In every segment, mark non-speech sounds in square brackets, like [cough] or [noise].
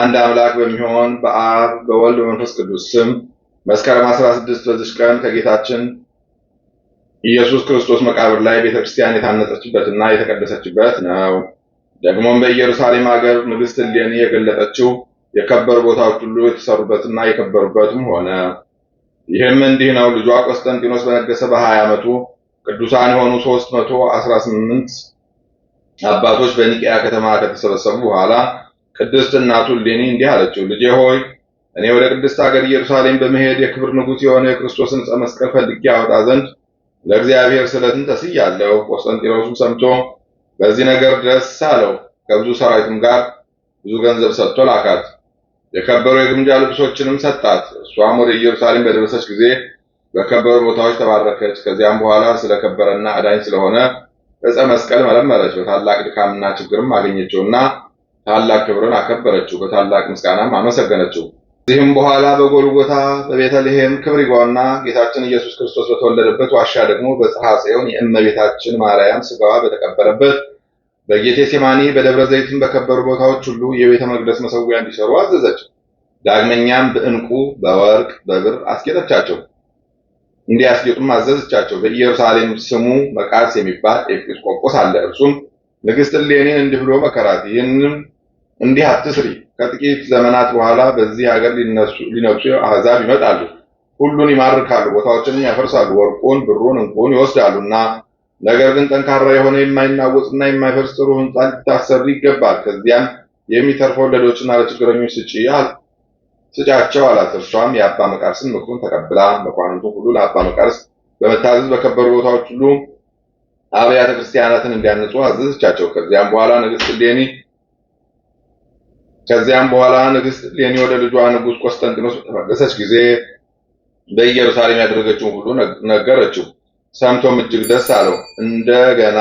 አንድ አምላክ በሚሆን በአብ በወልድ በመንፈስ ቅዱስ ስም መስከረም 16 በዚች ቀን ከጌታችን ኢየሱስ ክርስቶስ መቃብር ላይ ቤተክርስቲያን የታነጸችበትና የተቀደሰችበት ነው። ደግሞም በኢየሩሳሌም ሀገር ንግሥት እሌኒ የገለጠችው የከበሩ ቦታዎች ሁሉ የተሰሩበትና የከበሩበትም ሆነ። ይህም እንዲህ ነው። ልጇ ቆስጠንጢኖስ በነገሰ በ20 ዓመቱ ቅዱሳን የሆኑ 318 አባቶች በኒቅያ ከተማ ከተሰበሰቡ በኋላ ቅድስት እናቱ እሌኒ እንዲህ አለችው፣ ልጄ ሆይ እኔ ወደ ቅድስት ሀገር ኢየሩሳሌም በመሄድ የክብር ንጉሥ የሆነ የክርስቶስን ዕፀ መስቀል ፈልጌ ያወጣ ዘንድ ለእግዚአብሔር ስለትን ተስያለሁ። ቆስጠንጢኖስም ሰምቶ በዚህ ነገር ደስ አለው። ከብዙ ሰራዊትም ጋር ብዙ ገንዘብ ሰጥቶ ላካት። የከበሩ የግምጃ ልብሶችንም ሰጣት። እሷም ወደ ኢየሩሳሌም በደረሰች ጊዜ በከበሩ ቦታዎች ተባረከች። ከዚያም በኋላ ስለከበረና አዳኝ ስለሆነ ዕፀ መስቀል መለመለች። በታላቅ ድካምና ችግርም አገኘችውና ታላቅ ክብርን አከበረችው፣ በታላቅ ምስጋናም አመሰገነችው። ከዚህም በኋላ በጎልጎታ በቤተልሔም ክብር ጌታችን ኢየሱስ ክርስቶስ በተወለደበት ዋሻ ደግሞ በጽሐ ጽዮን የእመቤታችን ማርያም ስጋዋ በተቀበረበት በጌቴ ሴማኒ በደብረ ዘይትም በከበሩ ቦታዎች ሁሉ የቤተ መቅደስ መሰዊያ እንዲሰሩ አዘዘች። ዳግመኛም በዕንቁ በወርቅ በብር አስጌጠቻቸው እንዲያስጌጡም አዘዘቻቸው። በኢየሩሳሌም ስሙ መቃርስ የሚባል ኤጲስቆጶስ አለ። እርሱም ንግሥት ዕሌኒን እንዲህ ብሎ መከራት ይህንም እንዲህ አትስሪ፣ ከጥቂት ዘመናት በኋላ በዚህ ሀገር ሊነግሱ አሕዛብ ይመጣሉ፣ ሁሉን ይማርካሉ፣ ቦታዎችንም ያፈርሳሉ፣ ወርቁን፣ ብሩን፣ እንቁን እና ነገር ግን ጠንካራ የሆነ የማይናወጽና የማይፈርስ ጥሩ ህንፃ ሊታሰሪ ይገባል። ከዚያም የሚተርፈው ለድሆችና ለችግረኞች ስጪ ስጫቸው አላት። እርሷም የአባ መቃርስን ምክሩን ተቀብላ መኳንንቱን ሁሉ ለአባ መቃርስ በመታዘዝ በከበሩ ቦታዎች ሁሉ አብያተ ክርስቲያናትን እንዲያነጹ አዘዘቻቸው። ከዚያም በኋላ ንግሥት ሌኒ ። ከዚያም በኋላ ንግስት ሌኒ ወደ ልጇ ንጉስ ቆስጠንጢኖስ በተመለሰች ጊዜ በኢየሩሳሌም ያደረገችውን ሁሉ ነገረችው። ሰምቶም እጅግ ደስ አለው። እንደገና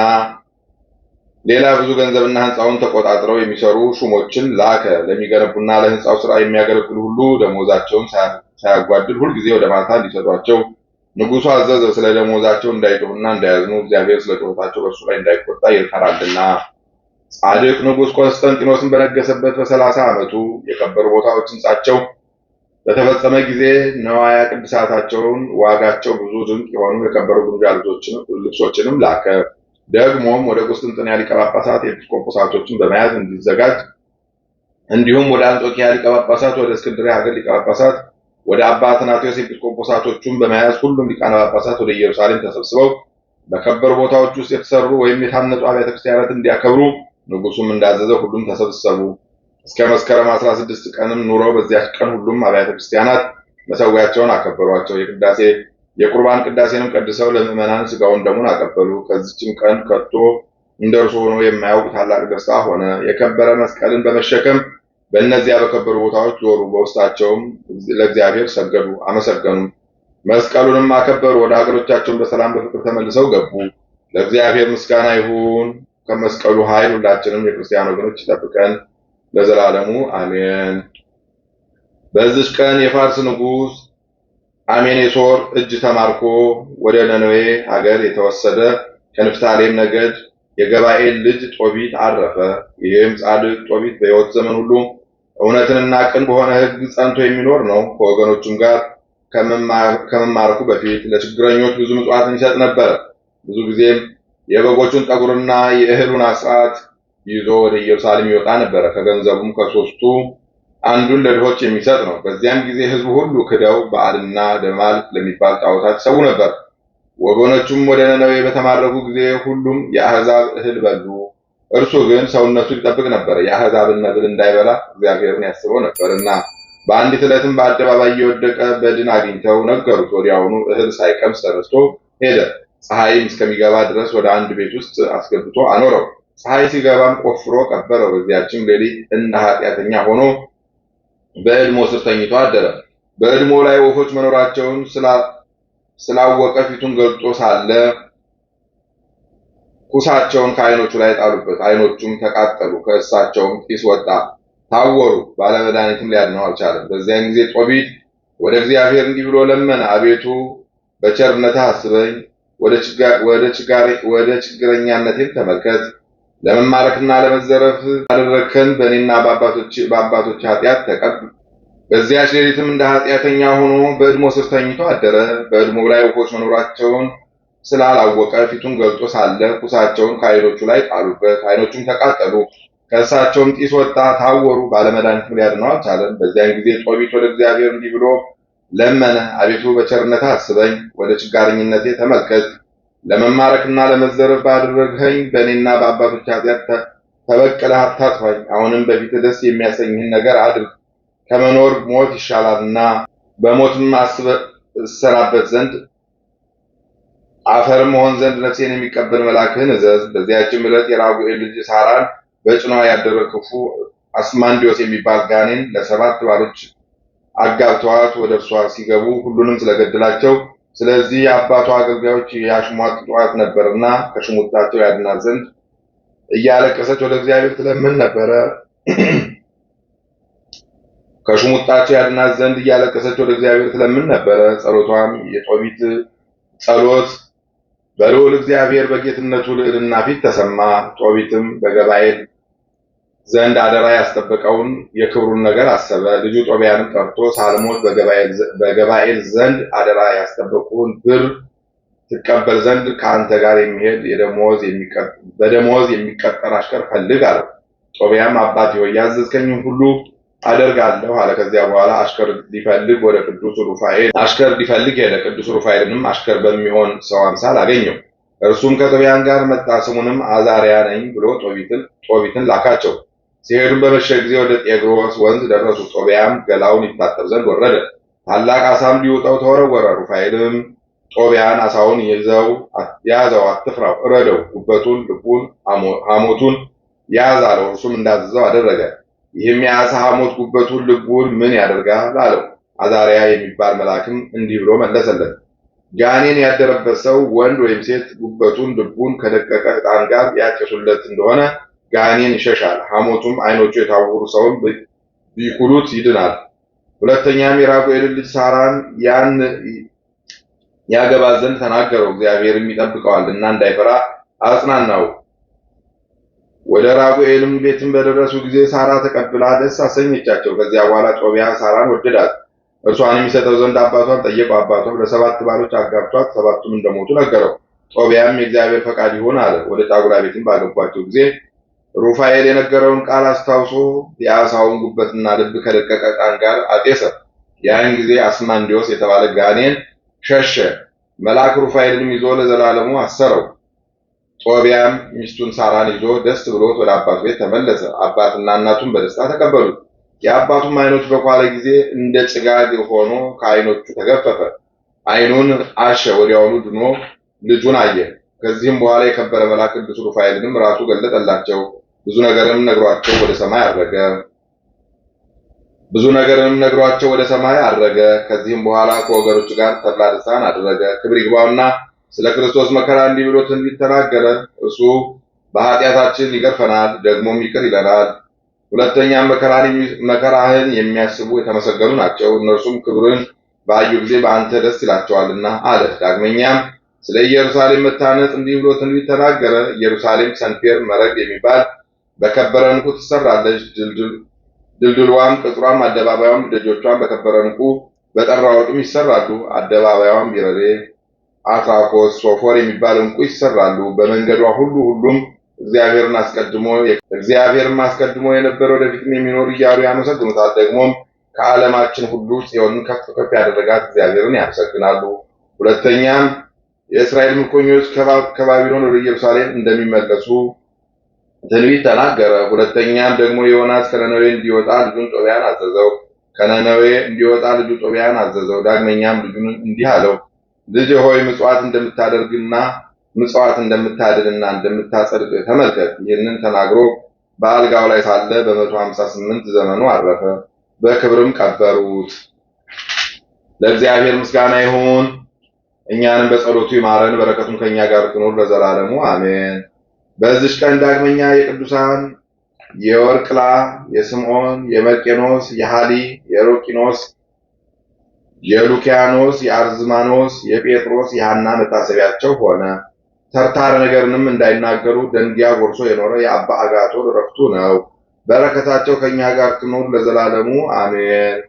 ሌላ ብዙ ገንዘብና ህንፃውን ተቆጣጥረው የሚሰሩ ሹሞችን ላከ። ለሚገነቡና ለህንፃው ስራ የሚያገለግሉ ሁሉ ደሞዛቸውን ሳያጓድል ሁልጊዜ ወደ ማታ እንዲሰጧቸው ንጉሱ አዘዘ። ስለ ደሞዛቸው እንዳይጮሁና እንዳያዝኑ እግዚአብሔር ስለ ጩኸታቸው በእርሱ ላይ እንዳይቆጣ ይፈራልና። ጻድቅ ንጉሥ ቆስጠንጢኖስን በነገሰበት በሰላሳ ዓመቱ የከበሩ ቦታዎች ሕንጻቸው በተፈጸመ ጊዜ ነዋያ ቅድሳታቸውን ዋጋቸው ብዙ ድንቅ የሆኑ የከበሩ ግምጃ ልብሶችንም ላከ። ደግሞም ወደ ቁስጥንጥንያ ሊቀ ጳጳሳት የኤጲስቆጶሳቶችን በመያዝ እንዲዘጋጅ እንዲሁም ወደ አንጾኪያ ሊቀ ጳጳሳት፣ ወደ እስክንድርያ ሀገር ሊቀ ጳጳሳት፣ ወደ አባ አትናቴዎስ ኤጲስቆጶሳቶቹን በመያዝ ሁሉም ሊቃነ ጳጳሳት ወደ ኢየሩሳሌም ተሰብስበው በከበሩ ቦታዎች ውስጥ የተሰሩ ወይም የታነጹ አብያተ ክርስቲያናት እንዲያከብሩ ንጉሱም እንዳዘዘ ሁሉም ተሰብሰቡ። እስከ መስከረም አስራ ስድስት ቀንም ኑሮ በዚያች ቀን ሁሉም አብያተ ክርስቲያናት መሰዊያቸውን አከበሯቸው። የቅዳሴ የቁርባን ቅዳሴንም ቀድሰው ለምእመናን ስጋውን ደሙን አቀበሉ። ከዚችም ቀን ከቶ እንደ እርሱ ሆኖ የማያውቅ ታላቅ ደስታ ሆነ። የከበረ መስቀልን በመሸከም በእነዚያ በከበሩ ቦታዎች ዞሩ። በውስጣቸውም ለእግዚአብሔር ሰገዱ፣ አመሰገኑ፣ መስቀሉንም አከበሩ። ወደ ሀገሮቻቸውን በሰላም በፍቅር ተመልሰው ገቡ። ለእግዚአብሔር ምስጋና ይሁን። ከመስቀሉ ኃይል ሁላችንም የክርስቲያን ወገኖች ይጠብቀን ለዘላለሙ አሜን። በዚች ቀን የፋርስ ንጉሥ አሜኔሶር እጅ ተማርኮ ወደ ነነዌ ሀገር የተወሰደ ከንፍታሌም ነገድ የገባኤል ልጅ ጦቢት አረፈ። ይህም ጻድቅ ጦቢት በሕይወት ዘመን ሁሉ እውነትንና ቅን በሆነ ሕግ ጸንቶ የሚኖር ነው። ከወገኖቹም ጋር ከመማረኩ በፊት ለችግረኞች ብዙ ምጽዋትን ይሰጥ ነበረ። ብዙ ጊዜም የበጎቹን ጠጉርና የእህሉን አስራት ይዞ ወደ ኢየሩሳሌም ይወጣ ነበረ። ከገንዘቡም ከሶስቱ አንዱን ለድሆች የሚሰጥ ነው። በዚያም ጊዜ ሕዝቡ ሁሉ ክደው በዓልና ደማል ለሚባል ጣዖታት ይሰዉ ነበር። ወገኖቹም ወደ ነነዌ በተማረኩ ጊዜ ሁሉም የአሕዛብ እህል በሉ። እርሱ ግን ሰውነቱ ይጠብቅ ነበር፣ የአሕዛብን መብል እንዳይበላ እግዚአብሔርን ያስበው ነበርና። በአንዲት ዕለትም በአደባባይ እየወደቀ በድን አግኝተው ነገሩት። ወዲያውኑ እህል ሳይቀምስ ተነስቶ ሄደ። ፀሐይም እስከሚገባ ድረስ ወደ አንድ ቤት ውስጥ አስገብቶ አኖረው። ፀሐይ ሲገባም ቆፍሮ ቀበረው። በዚያችም ሌሊት እንደ ኃጢአተኛ ሆኖ በእድሞ ስር ተኝቶ አደረ። በእድሞ ላይ ወፎች መኖራቸውን ስላወቀ ፊቱን ገልጦ ሳለ ኩሳቸውን ከአይኖቹ ላይ ጣሉበት። አይኖቹም ተቃጠሉ፣ ከእሳቸውም ጢስ ወጣ፣ ታወሩ። ባለመድኃኒትም ሊያድነው አልቻለም። በዚያን ጊዜ ጦቢት ወደ እግዚአብሔር እንዲህ ብሎ ለመነ። አቤቱ በቸርነትህ አስበኝ ወደ ችግረኛነቴም ተመልከት። ለመማረክና ለመዘረፍ አደረግከን። በእኔና በአባቶች ኃጢአት ተቀብ። በዚያች ሌሊትም እንደ ኃጢአተኛ ሆኖ በእድሞ ስር ተኝቶ አደረ። በእድሞ ላይ ወፎች መኖራቸውን ስላላወቀ ፊቱን ገልጦ ሳለ ኩሳቸውን ከአይኖቹ ላይ ጣሉበት። አይኖቹም ተቃጠሉ፣ ከእሳቸውም ጢስ ወጣ፣ ታወሩ። ባለመድኃኒትም ሊያድነው አልቻለም። በዚያን ጊዜ ጦቢት ወደ እግዚአብሔር እንዲህ ብሎ ለመነ። አቤቱ በቸርነት አስበኝ፣ ወደ ችጋረኝነቴ ተመልከት። ለመማረክና ለመዘረፍ ባደረግኸኝ በእኔና በአባቶች ኃጢአት ተበቅለህ አታጥፋኝ። አሁንም በፊት ደስ የሚያሰኝህን ነገር አድርግ፣ ከመኖር ሞት ይሻላልና በሞትም እሰናበት ዘንድ አፈር መሆን ዘንድ ነፍሴን የሚቀበል መልአክህን እዘዝ። በዚያችም ዕለት የራጉኤል ልጅ ሳራን በጭኗ ያደረ ክፉ አስማንዲዮስ የሚባል ጋኔን ለሰባት ባሮች አጋብተዋት ወደ እርሷ ሲገቡ ሁሉንም ስለገደላቸው ስለዚህ የአባቷ አገልጋዮች ያሽሟጥጧት ነበርና ከሽሙጣቸው ያድናት ዘንድ እያለቀሰች ወደ እግዚአብሔር ትለምን ነበረ። [clears throat] ከሽሙጣቸው ያድናት ዘንድ እያለቀሰች ወደ እግዚአብሔር ትለምን ነበረ። ጸሎቷም የጦቢት ጸሎት በልዑል እግዚአብሔር በጌትነቱ ልዕልና ፊት ተሰማ። ጦቢትም በገባኤል ዘንድ አደራ ያስጠበቀውን የክብሩን ነገር አሰበ። ልጁ ጦቢያንም ጠርቶ ሳልሞት በገባኤል ዘንድ አደራ ያስጠበቁን ብር ትቀበል ዘንድ ከአንተ ጋር የሚሄድ በደመወዝ የሚቀጠር አሽከር ፈልግ አለው። ጦቢያም አባት ሆይ ያዘዝከኝን ሁሉ አደርጋለሁ አለ። ከዚያ በኋላ አሽከር ሊፈልግ ወደ ቅዱስ ሩፋኤል አሽከር ሊፈልግ ሄደ። ቅዱስ ሩፋኤልንም አሽከር በሚሆን ሰው አምሳል አገኘው። እርሱም ከጦቢያን ጋር መጣ። ስሙንም አዛሪያ ነኝ ብሎ ጦቢትን ላካቸው። ሲሄዱም በመሸ ጊዜ ወደ ጤግሮስ ወንዝ ደረሱ። ጦቢያም ገላውን ይታጠብ ዘንድ ወረደ። ታላቅ አሳም ሊውጠው ተወረወረ። ሩፋኤልም ጦቢያን አሳውን ይዘው ያዘው፣ አትፍራው፣ እረደው፣ ጉበቱን፣ ልቡን፣ ሐሞቱን ያዝ አለው። እርሱም እንዳዘዘው አደረገ። ይህም የአሳ ሐሞት ጉበቱን፣ ልቡን ምን ያደርጋል አለው። አዛሪያ የሚባል መልአክም እንዲህ ብሎ መለሰለት። ጋኔን ያደረበት ሰው ወንድ ወይም ሴት ጉበቱን፣ ልቡን ከደቀቀ ዕጣን ጋር ያጨሱለት እንደሆነ ጋኔን ይሸሻል፣ ሐሞቱም አይኖቹ የታወሩ ሰውን ቢኩሉት ይድናል። ሁለተኛም የራጉኤልን ልጅ ሳራን ያን ያገባ ዘንድ ተናገረው፣ እግዚአብሔርም ይጠብቀዋል እና እንዳይፈራ አጽናናው። ወደ ራጉኤልም ቤትን በደረሱ ጊዜ ሳራ ተቀብላ ደስ አሰኘቻቸው። ከዚያ በኋላ ጦቢያ ሳራን ወደዳት። እርሷን የሚሰጠው ዘንድ አባቷን ጠየቀው። አባቷም ለሰባት ባሎች አጋብቷት ሰባቱም እንደሞቱ ነገረው። ጦቢያም የእግዚአብሔር ፈቃድ ይሆን አለ። ወደ ጫጉራ ቤትም ባገቧቸው ጊዜ ሩፋኤል የነገረውን ቃል አስታውሶ የአሳውን ጉበትና ልብ ከደቀቀ ዕጣን ጋር አጤሰ። ያን ጊዜ አስማንዲዮስ የተባለ ጋኔን ሸሸ። መልአክ ሩፋኤልንም ይዞ ለዘላለሙ አሰረው። ጦቢያም ሚስቱን ሳራን ይዞ ደስ ብሎት ወደ አባቱ ቤት ተመለሰ። አባትና እናቱን በደስታ ተቀበሉት። የአባቱም አይኖች በኳለ ጊዜ እንደ ጭጋግ ሆኖ ከአይኖቹ ተገፈፈ። አይኑን አሸ። ወዲያውኑ ድኖ ልጁን አየ። ከዚህም በኋላ የከበረ መልአክ ቅዱስ ሩፋኤልንም ራሱ ገለጠላቸው። ብዙ ነገርንም ነግሯቸው ወደ ሰማይ አረገ። ብዙ ነገርንም ነግሯቸው ወደ ሰማይ አረገ። ከዚህም በኋላ ከወገኖቹ ጋር ተድላ ድርሳን አደረገ። ክብር ይግባውና ስለ ክርስቶስ መከራ እንዲህ ብሎ ትንቢት ተናገረ። እርሱ በኃጢአታችን ይገርፈናል፣ ደግሞም ይቅር ይለናል። ሁለተኛም መከራህን የሚያስቡ የተመሰገኑ ናቸው፣ እነርሱም ክብርን ባዩ ጊዜ በአንተ ደስ ይላቸዋልና አለ። ዳግመኛም ስለ ኢየሩሳሌም መታነጽ እንዲህ ብሎ ትንቢት ተናገረ። ኢየሩሳሌም ሰንፔር መረግ የሚባል በከበረ ዕንቁ ትሰራለች። ድልድሏም፣ ቅጥሯም፣ አደባባዩም ደጆቿም በከበረ ንቁ በጠራ ወርቅም ይሰራሉ። አደባባዩም ቢረሌ፣ አትራኮስ፣ ሶፎር የሚባል ዕንቁ ይሰራሉ። በመንገዷ ሁሉ ሁሉም እግዚአብሔርን አስቀድሞ እግዚአብሔርን አስቀድሞ የነበረ ወደፊትም የሚኖር እያሉ ያመሰግኑታል። ደግሞም ከዓለማችን ሁሉ ጽዮንን ከፍ ከፍ ያደረጋት እግዚአብሔርን ያመሰግናሉ። ሁለተኛም የእስራኤል ምርኮኞች ከባቢሎን ወደ ኢየሩሳሌም እንደሚመለሱ ትንቢት ተናገረ። ሁለተኛም ደግሞ ዮናስ ከነነዌ እንዲወጣ ልጁን ጦቢያን አዘዘው። ከነነዌ እንዲወጣ ልጁ ጦቢያን አዘዘው። ዳግመኛም ልጁን እንዲህ አለው፣ ልጅ ሆይ ምጽዋት እንደምታደርግና ምጽዋት እንደምታድልና እንደምታጸድቅ ተመልከት። ይህንን ተናግሮ በአልጋው ላይ ሳለ በመቶ ሀምሳ ስምንት ዘመኑ አረፈ። በክብርም ቀበሩት። ለእግዚአብሔር ምስጋና ይሁን፣ እኛንም በጸሎቱ ይማረን፣ በረከቱም ከእኛ ጋር ትኖር ለዘላለሙ አሜን። በዚች ቀን ዳግመኛ የቅዱሳን የወርቅላ፣ የስምዖን፣ የመርቄኖስ፣ የሃሊ፣ የሮቂኖስ፣ የሉኪያኖስ፣ የአርዝማኖስ፣ የጴጥሮስ፣ የሐና መታሰቢያቸው ሆነ። ተርታር ነገርንም እንዳይናገሩ ደንጊያ ጎርሶ የኖረ የአባ አጋቶን ረፍቱ ነው። በረከታቸው ከእኛ ጋር ትኑር ለዘላለሙ አሜን።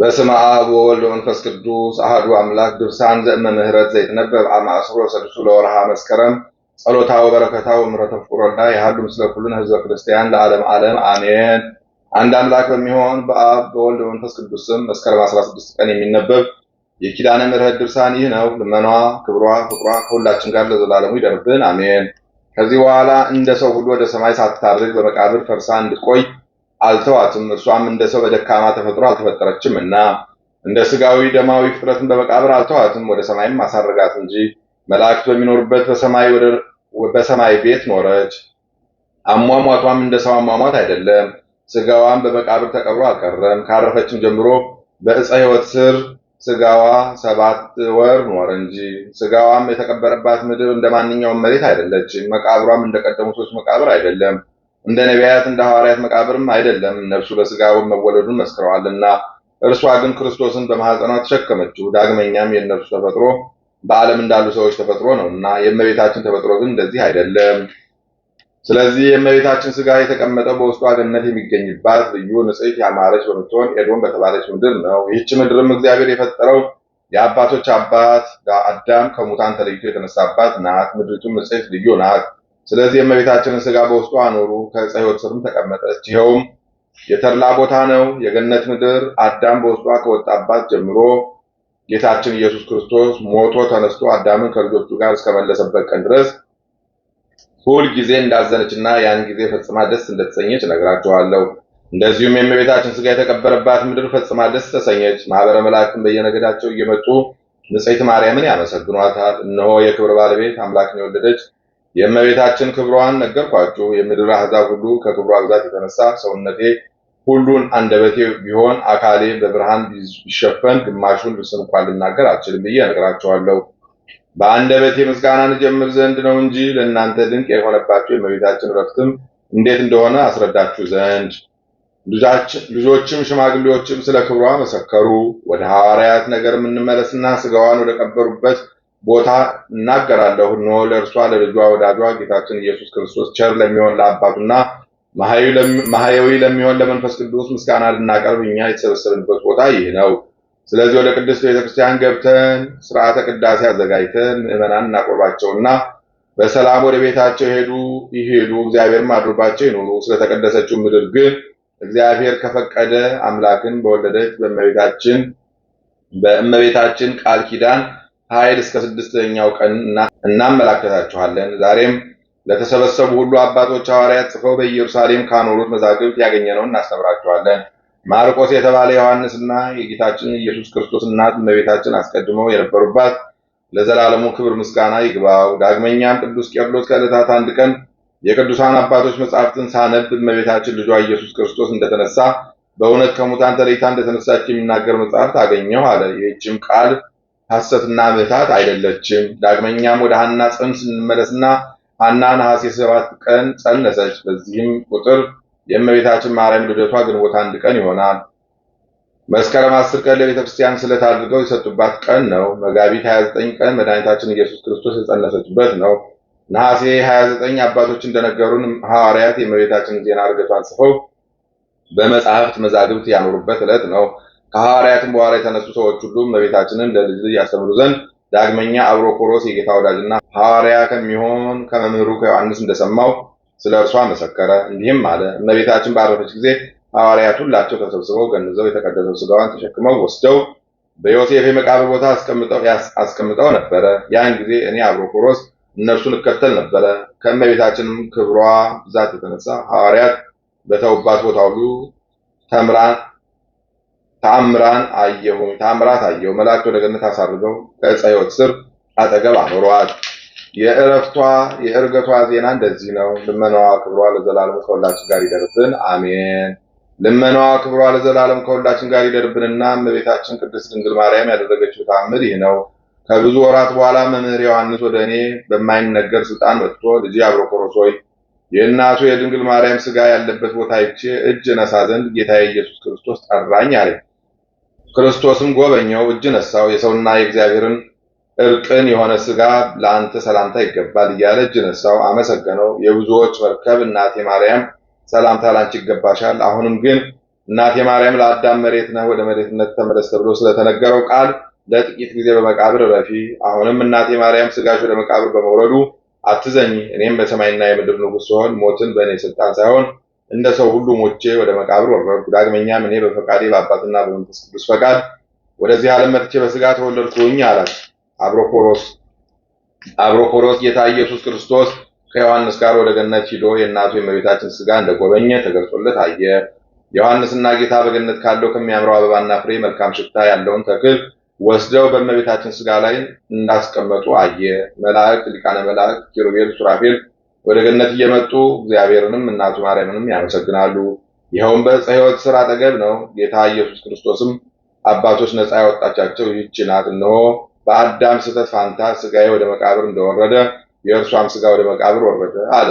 በስመ አብ ወወልድ ወመንፈስ ቅዱስ አህዱ አምላክ። ድርሳን ዘእመ ምህረት ዘይትነበብ አማእስሮ ሰድሱ ለወርሃ መስከረም ጸሎታ ወበረከታ ምረተ ፍቁሮና የሃሉ ምስለ ኩሉን ህዝበ ክርስቲያን ለዓለም ዓለም አሜን። አንድ አምላክ በሚሆን በአብ በወልድ በመንፈስ ቅዱስም መስከረም 16 ቀን የሚነበብ የኪዳነ ምሕረት ድርሳን ይህ ነው። ልመኗ፣ ክብሯ፣ ፍቅሯ ከሁላችን ጋር ለዘላለሙ ይደርብን አሜን። ከዚህ በኋላ እንደ ሰው ሁሉ ወደ ሰማይ ሳትታርግ በመቃብር ፈርሳ እንድትቆይ አልተዋትም። እርሷም እንደ ሰው በደካማ ተፈጥሮ አልተፈጠረችም እና እንደ ስጋዊ ደማዊ ፍጥረትን በመቃብር አልተዋትም፣ ወደ ሰማይም አሳረጋት እንጂ መላእክት በሚኖሩበት በሰማይ ቤት ኖረች። አሟሟቷም እንደ ሰው አሟሟት አይደለም። ስጋዋም በመቃብር ተቀብሮ አልቀረም። ካረፈችም ጀምሮ በእጻ ሕይወት ስር ስጋዋ ሰባት ወር ኖረ እንጂ ስጋዋም የተቀበረባት ምድር እንደ ማንኛውም መሬት አይደለችም። መቃብሯም እንደ ቀደሙቶች መቃብር አይደለም፣ እንደ ነቢያት እንደ ሐዋርያት መቃብርም አይደለም። እነርሱ በስጋው መወለዱን መስክረዋልና፣ እርሷ ግን ክርስቶስን በማህፀኗ ተሸከመችው። ዳግመኛም የእነርሱ ተፈጥሮ በዓለም እንዳሉ ሰዎች ተፈጥሮ ነው እና የእመቤታችን ተፈጥሮ ግን እንደዚህ አይደለም። ስለዚህ የእመቤታችን ስጋ የተቀመጠው በውስጧ ገነት የሚገኝባት ልዩ ንጽሕት ያማረች በምትሆን ኤዶም በተባለች ምድር ነው። ይህች ምድርም እግዚአብሔር የፈጠረው የአባቶች አባት አዳም ከሙታን ተለይቶ የተነሳባት ናት። ምድሪቱም ንጽሕት ልዩ ናት። ስለዚህ የእመቤታችንን ስጋ በውስጡ አኖሩ፣ ከዕፀ ሕይወት ስርም ተቀመጠች። ይኸውም የተድላ ቦታ ነው፣ የገነት ምድር። አዳም በውስጧ ከወጣባት ጀምሮ ጌታችን ኢየሱስ ክርስቶስ ሞቶ ተነስቶ አዳምን ከልጆቹ ጋር እስከመለሰበት ቀን ድረስ ሁል ጊዜ እንዳዘነችና ያን ጊዜ ፈጽማ ደስ እንደተሰኘች እነግራችኋለሁ። እንደዚሁም የእመቤታችን ስጋ የተቀበረባት ምድር ፈጽማ ደስ ተሰኘች። ማህበረ መላእክትን በየነገዳቸው እየመጡ ንጽሕት ማርያምን ያመሰግኗታል። እነሆ የክብር ባለቤት አምላክን የወለደች የእመቤታችን ክብሯን ነገርኳችሁ። የምድር አሕዛብ ሁሉ ከክብሯ ብዛት የተነሳ ሰውነቴ ሁሉን አንደበቴ ቢሆን አካሌ በብርሃን ቢሸፈን ግማሹን ብስ እንኳን ልናገር አልችልም ብዬ እነግራቸዋለሁ። በአንደበቴ ምስጋናን እንጀምር ዘንድ ነው እንጂ ለእናንተ ድንቅ የሆነባቸው የመቤታችን ረፍትም እንዴት እንደሆነ አስረዳችሁ ዘንድ ልጆችም ሽማግሌዎችም ስለ ክብሯ መሰከሩ። ወደ ሐዋርያት ነገር የምንመለስና ስጋዋን ወደ ቀበሩበት ቦታ እናገራለሁ። እነሆ ለእርሷ ለልጇ ወዳጇ ጌታችን ኢየሱስ ክርስቶስ ቸር ለሚሆን ለአባቱና ማህያዊ ለሚሆን ለመንፈስ ቅዱስ ምስጋና ልናቀርብ እኛ የተሰበሰብንበት ቦታ ይህ ነው። ስለዚህ ወደ ቅድስት ቤተክርስቲያን ገብተን ስርዓተ ቅዳሴ አዘጋጅተን ምዕመናን እናቆርባቸውና በሰላም ወደ ቤታቸው ሄዱ ይሄዱ፣ እግዚአብሔር ማድሩባቸው ይኑሩ። ስለተቀደሰችው ምድር ግን እግዚአብሔር ከፈቀደ አምላክን በወለደች በእመቤታችን በእመቤታችን ቃል ኪዳን ኃይል እስከ ስድስተኛው ቀን እናመላከታችኋለን። ዛሬም ለተሰበሰቡ ሁሉ አባቶች ሐዋርያት ጽፈው በኢየሩሳሌም ካኖሩት መዛግብት ያገኘነውን እናስተምራቸዋለን። ማርቆስ የተባለ ዮሐንስና የጌታችን ኢየሱስ ክርስቶስ እናት እመቤታችን አስቀድመው የነበሩባት ለዘላለሙ ክብር ምስጋና ይግባው። ዳግመኛም ቅዱስ ቄርሎስ ከዕለታት አንድ ቀን የቅዱሳን አባቶች መጽሐፍትን ሳነብ እመቤታችን ልጇ ኢየሱስ ክርስቶስ እንደተነሳ በእውነት ከሙታን ተለይታ እንደተነሳች የሚናገር መጽሐፍት አገኘሁ አለ። ይህችም ቃል ሐሰትና ምሕታት አይደለችም። ዳግመኛም ወደ ሐና ጽንስ ስንመለስና ሐና ነሐሴ ሰባት ቀን ጸነሰች። በዚህም ቁጥር የእመቤታችን ማርያም ልደቷ ግንቦት አንድ ቀን ይሆናል። መስከረም አስር ቀን ለቤተ ክርስቲያን ስዕለት አድርገው የሰጡባት ቀን ነው። መጋቢት 29 ቀን መድኃኒታችን ኢየሱስ ክርስቶስ የጸነሰችበት ነው። ነሐሴ 29 አባቶች እንደነገሩን ሐዋርያት የእመቤታችንን ዜና ዕርገቷን ጽፈው በመጻሕፍት መዛግብት ያኖሩበት ዕለት ነው። ከሐዋርያትም በኋላ የተነሱ ሰዎች ሁሉ እመቤታችንን ለልጅ ልጅ ያስተምሩ ዘንድ ዳግመኛ አብሮኮሮስ የጌታ ወዳጅና ሐዋርያ ከሚሆን ከመምህሩ ከዮሐንስ እንደሰማው ስለ እርሷ መሰከረ፣ እንዲህም አለ። እመቤታችን ባረፈች ጊዜ ሐዋርያት ሁላቸው ተሰብስበው ገንዘው የተቀደሰው ስጋዋን ተሸክመው ወስደው በዮሴፍ የመቃብር ቦታ አስቀምጠው ነበረ። ያን ጊዜ እኔ አብሮኮሮስ እነርሱን እከተል ነበረ። ከእመቤታችንም ክብሯ ብዛት የተነሳ ሐዋርያት በተውባት ቦታ ሁሉ ተምራን ተአምራን አየሁ ተአምራት አየሁ። መላእክት ወደ ገነት አሳርገው ከዕፀ ሕይወት ስር አጠገብ አኖሯት። የእረፍቷ የእርገቷ ዜና እንደዚህ ነው። ልመናዋ ክብሯ ለዘላለም ከሁላችን ጋር ይደርብን፣ አሜን። ልመናዋ ክብሯ ለዘላለም ከሁላችን ጋር ይደርብንና እመቤታችን ቅድስት ድንግል ማርያም ያደረገችው ተአምር ይህ ነው። ከብዙ ወራት በኋላ መምህር ዮሐንስ ወደ እኔ በማይነገር ስልጣን መጥቶ ልጅ አብሮኮሮስ ሆይ የእናቱ የድንግል ማርያም ስጋ ያለበት ቦታ ይቼ እጅ ነሳ ዘንድ ጌታ ኢየሱስ ክርስቶስ ጠራኝ አለኝ። ክርስቶስም ጎበኘው፣ እጅ ነሳው። የሰውና የእግዚአብሔርን እርጥን የሆነ ስጋ ለአንተ ሰላምታ ይገባል እያለ እጅ ነሳው፣ አመሰገነው። የብዙዎች መርከብ እናቴ ማርያም ሰላምታ ላንቺ ይገባሻል። አሁንም ግን እናቴ ማርያም ለአዳም መሬት ነህ፣ ወደ መሬትነት ተመለስ ተብሎ ስለተነገረው ቃል ለጥቂት ጊዜ በመቃብር እረፊ አሁንም እናቴ ማርያም ስጋሽ ወደ መቃብር በመውረዱ አትዘኝ። እኔም በሰማይና የምድር ንጉሥ ሲሆን ሞትን በእኔ ስልጣን ሳይሆን እንደ ሰው ሁሉ ሞቼ ወደ መቃብር ወረድኩ። ዳግመኛም እኔ በፈቃዴ በአባትና በመንፈስ ቅዱስ ፈቃድ ወደዚህ ዓለም መጥቼ በስጋ ተወለድኩኝ አላት። አብሮኮሮስ አብሮኮሮስ ጌታ ኢየሱስ ክርስቶስ ከዮሐንስ ጋር ወደ ገነት ሂዶ የእናቱ የእመቤታችን ስጋ እንደጎበኘ ተገልጾለት አየ። ዮሐንስና ጌታ በገነት ካለው ከሚያምረው አበባና ፍሬ መልካም ሽታ ያለውን ተክል ወስደው በእመቤታችን ስጋ ላይ እንዳስቀመጡ አየ። መላእክት፣ ሊቃነ መላእክት፣ ኪሩቤል፣ ሱራፌል ወደ ገነት እየመጡ እግዚአብሔርንም እናቱ ማርያምንም ያመሰግናሉ። ይኸውም በዕፀ ሕይወት ሥር አጠገብ ነው። ጌታ ኢየሱስ ክርስቶስም አባቶች ነፃ ያወጣቻቸው ይህች ናት፣ እነሆ በአዳም ስህተት ፋንታ ስጋዬ ወደ መቃብር እንደወረደ የእርሷም ስጋ ወደ መቃብር ወረደ አለ።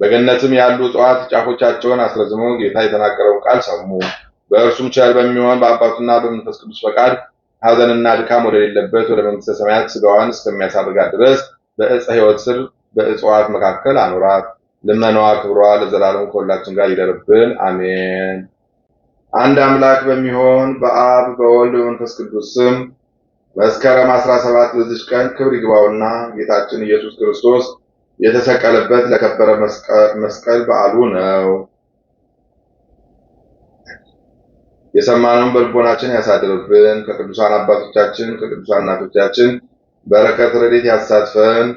በገነትም ያሉ እጽዋት ጫፎቻቸውን አስረዝመው ጌታ የተናገረውን ቃል ሰሙ። በእርሱም ቸር በሚሆን በአባቱና በመንፈስ ቅዱስ ፈቃድ ሐዘንና ድካም ወደሌለበት ወደ መንግሥተ ሰማያት ስጋዋን እስከሚያሳርጋት ድረስ በእፀ ሕይወት ስር በእጽዋት መካከል አኖራት። ልመናዋ ክብሯ ለዘላለም ከሁላችን ጋር ይደርብን፣ አሜን። አንድ አምላክ በሚሆን በአብ በወልድ በመንፈስ ቅዱስ ስም መስከረም 17 በዚች ቀን ክብር ይግባውና ጌታችን ኢየሱስ ክርስቶስ የተሰቀለበት ለከበረ መስቀል በዓሉ ነው። የሰማነውን በልቦናችን ያሳድርብን። ከቅዱሳን አባቶቻችን ከቅዱሳን እናቶቻችን በረከት ረድኤት ያሳትፈን።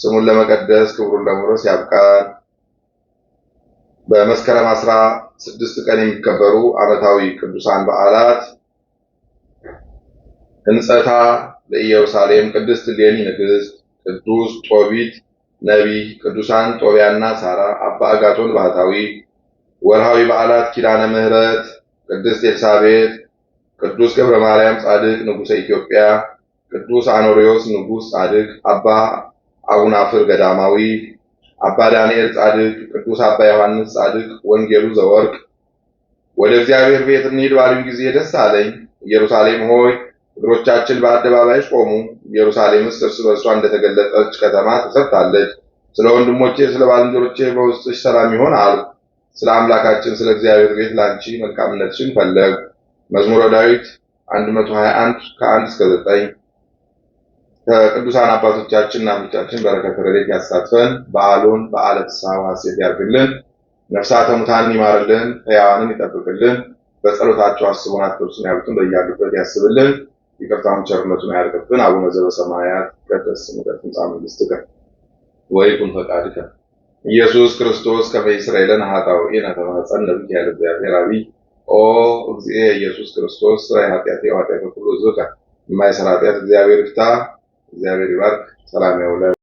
ስሙን ለመቀደስ ክብሩን ለመውረስ ያብቃል። በመስከረም አስራ ስድስት ቀን የሚከበሩ ዓመታዊ ቅዱሳን በዓላት ህንጸታ ለኢየሩሳሌም ቅድስት ሌኒ ንግሥት፣ ቅዱስ ጦቢት ነቢይ፣ ቅዱሳን ጦቢያና ሳራ፣ አባ አጋቶን ባህታዊ። ወርሃዊ በዓላት ኪዳነ ምሕረት፣ ቅድስት ኤልሳቤት፣ ቅዱስ ገብረ ማርያም ጻድቅ ንጉሠ ኢትዮጵያ፣ ቅዱስ አኖሪዎስ ንጉሥ ጻድቅ፣ አባ አቡናፍር ገዳማዊ፣ አባ ዳንኤል ጻድቅ፣ ቅዱስ አባ ዮሐንስ ጻድቅ ወንጌሉ ዘወርቅ። ወደ እግዚአብሔር ቤት እንሂድ ባሉኝ ጊዜ ደስ አለኝ። ኢየሩሳሌም ሆይ እግሮቻችን በአደባባይ ቆሙ። ኢየሩሳሌምስ እርስ በእርሷ እንደተገለጠች ከተማ ተሰርታለች። ስለ ወንድሞቼ ስለ ባልንጀሮቼ በውስጥሽ ሰላም ይሆን አሉ። ስለ አምላካችን ስለ እግዚአብሔር ቤት ላንቺ መልካምነትሽን ፈለግ። መዝሙረ ዳዊት 121 ከ1 እስከ 9። ከቅዱሳን አባቶቻችን እና አባቶቻችን በረከተ ረድኤት ያሳትፈን። በዓሉን በዓለ ፍስሐ ያርግልን። ያድርግልን። ነፍሳተ ሙታንን ይማርልን፣ ሕያዋንን ይጠብቅልን። በጸሎታቸው አስቡን አትርሱን ያሉትን በያሉበት ያስብልን። ይቅርታውን ቸርነቱን አያርቅብን። አቡነ ዘበሰማያት ይትቀደስ ስምከ ትምጻእ መንግሥትከ ወይኩን ፈቃድከ ኢየሱስ ክርስቶስ ከመ ይስረይ ኃጣውኢነ ተማፀን ነብይ ያለ እግዚአብሔር አብይ ኦ እግዚእ ኢየሱስ ክርስቶስ ስራይ ኃጢአት ኃጢአት ሁሉ ዝከ የማይሰራ ኃጢአት እግዚአብሔር ይፍታ። እግዚአብሔር ይባርክ። ሰላም ያውለን።